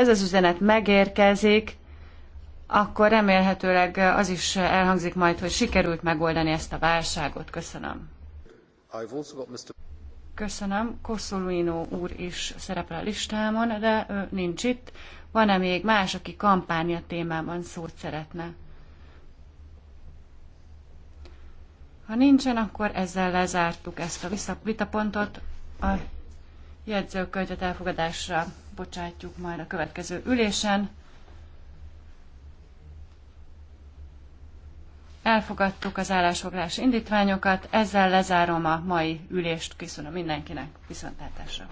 ez az üzenet megérkezik, akkor remélhetőleg az is elhangzik majd, hogy sikerült megoldani ezt a válságot. Köszönöm. Köszönöm. Kosszolino úr is szerepel a listámon, de ő nincs itt. Van-e még más, aki kampánya témában szót szeretne? Ha nincsen, akkor ezzel lezártuk ezt a vitapontot a jegyzőkönyvet elfogadásra megbocsátjuk majd a következő ülésen. Elfogadtuk az állásfoglás indítványokat, ezzel lezárom a mai ülést, köszönöm mindenkinek, viszontlátásra!